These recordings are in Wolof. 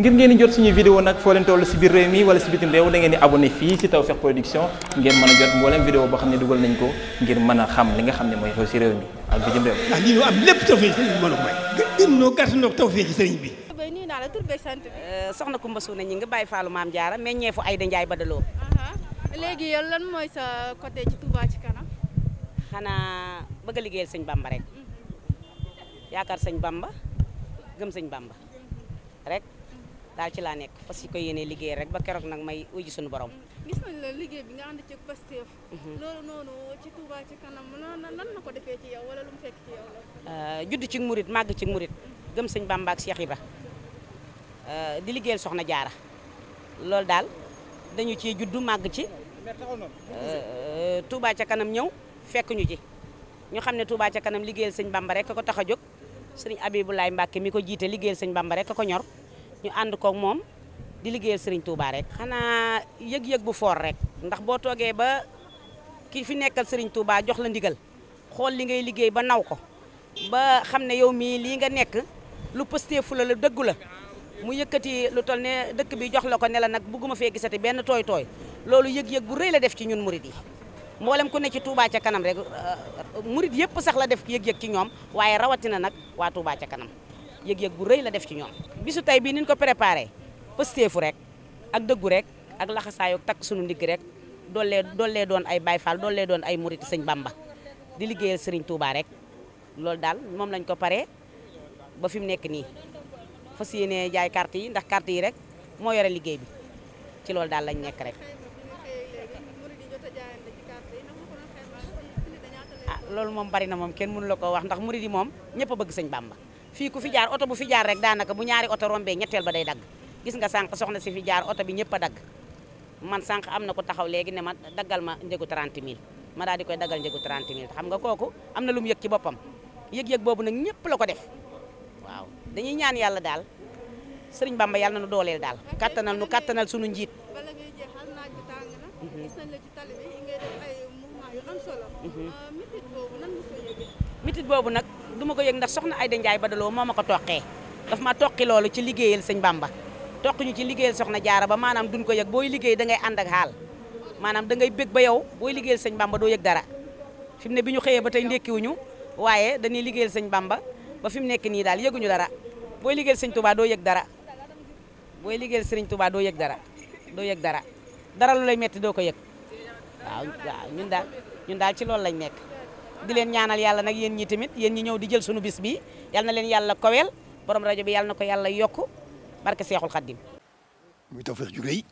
ngir ngeen jot suñu vidéo nag foo leen toll si biir réew mi wala si bitim réew da ngeen di abonné fii si Tawfekh Production ngeen mën a jot mboolem vidéo boo xam ne dugal nañ ko ngir mën a xam li nga xam ne mooy xew si réew mi ak bitim réew. ndax lii ñu am bi mën a may. gën noo gàtt noo tawfeex sëriñ bi. nuyu naa la tur beeg sant bi. Euh, soxna Koumba Souna ñi nga bàyyi Fallou Maam Diarra meññeefu Ayda Ndiaye Badaloo. Uh-huh. léegi yow lan mooy sa coté ci Touba ci kanam. xanaa bëgg a liggéeyal sëñ Bamba rek mm-hmm. yaakaar sëñ Bamba gëm sëñ Bamba rek daal ci laa nekk parce que koy yéene liggéey rek ba keroog nag may uji suñu borom. gis nañ la liggéey bi nga ànd ci Pastef. Mhm. noonu ci ko defee euh, judd ci murit màgg ci murit gëm sëñ Bamba ak Cheikh Ibra euh, di liggéeyal soxna jaara loolu daal dañu ciy juddu màgg ci. Euh, Touba ca kanam ñëw fekk ñu ci ñu xam ne Touba ca kanam liggéeyal sëñ Bamba rek ko tax a jóg sëñ Abibulaay Mbàkke mi ko jiite liggéey sëñ Bamba rek ko ñor. ñu ànd koog moom di liggéeyal Serigne Touba rek. xanaa yëg-yëg bu foor rek ndax boo toogee ba ki fi nekkal sëriñ Touba jox la ndigal xool li ngay liggéey ba naw ko ba xam ne yow mii lii nga nekk lu pëstee fu la lu dëggu la mu yëkkati lu toll ne dëkk bi jox la ko ne la nag bugguma fee gisati benn tooy-tooy loolu yëg-yëg bu rëy la def ci ñun murid yi. mboolem ku ne ci Touba ca kanam rek euh, murid yëpp sax la def yëg-yëg ci ñoom waaye rawatina nag waa Touba ca kanam. yëg-yëg bu rëy la def ci ñoom bisu tey bii niñ ko préparé pësteefu rek ak dëggu rek ak laxasaayoog takk suñu ndigg rek doolee doolee doon ay Baay Faal doolee doon ay murit sëñ Bamba di liggéeyal sëriñ Touba rek loolu daal moom lañ ko pare ba fi mu nekk nii fas yéene jaay carte yi ndax karti yi rek moo yore liggéey bi ci loolu daal lañ nekk rek ah loolu moom bari na moom kenn mënu la ko wax ndax murit yi moom ñëpp a bëgg sëñ Bamba fii ku fi jaar oto bu fi jaar rek daanaka bu ñaari oto rombee ñetteel ba day dagg gis nga sànq soxna si fi jaar oto bi ñëpp a dagg man sànq am na ko taxaw léegi ne ma daggal ma njëgu 30 000 ma daal di koy daggal njëgu 30 000 xam nga kooku am na mu yëg ci boppam yëg boobu nag ñëpp la ko def waaw dañuy ñaan yàlla daal sëriñ Bamba yàlla na nu dooleel daal kattanal nu kattanal sunu njiit mhm. mhm. euh, mitit boobu nag du ma ko yëg ndax soxna Ayda Ndiaye Badaloo moo ma ko toqee daf ma toqi loolu ci liggéeyal sëñ Bamba toq ñu ci liggéeyal soxna jaara ba maanaam duñ ko yëg booy liggéey da ngay ànd ak xaal maanaam da ngay bég ba yow booy liggéeyal sëñ Bamba doo yëg dara fi mu ne bi ñu xëyee ba tey ndékkiwuñu waaye dañuy liggéeyal sëñ Bamba ba fi mu nekk nii daal yëguñu dara booy liggéeyal sëñ tubaa doo yëg dara booy liggéeyal sëriñ Touba doo yëg dara doo yëg dara dara lu lay metti doo ko yëg ñun daal ñun daal ci loolu lañ nekk di leen ñaanal yàlla nag yéen ñi tamit yéen ñi ñëw di jël sunu bis bi yal na leen yàlla koweel borom rajo bi yàlla na ko yàlla yokk barke Seexul Xaddim muy Tawfekh ju rëy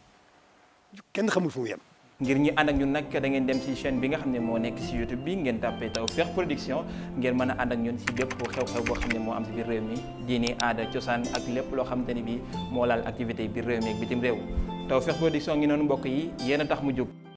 kenn xamul fu mu yem ngir ñi ànd ak ñun nag da ngeen dem ci chaine bi nga xam ne moo nekk ci YouTube bi ngeen tàppee Tawfekh Production ngeen mën a ànd ak ñun ci bépp xew-xew boo xam ne moo am ci biir réew mi diini aada cosaan ak lépp loo xamante ni bi moo laal activité biir réew mi ak réew mbokk yi yéen a tax mu jóg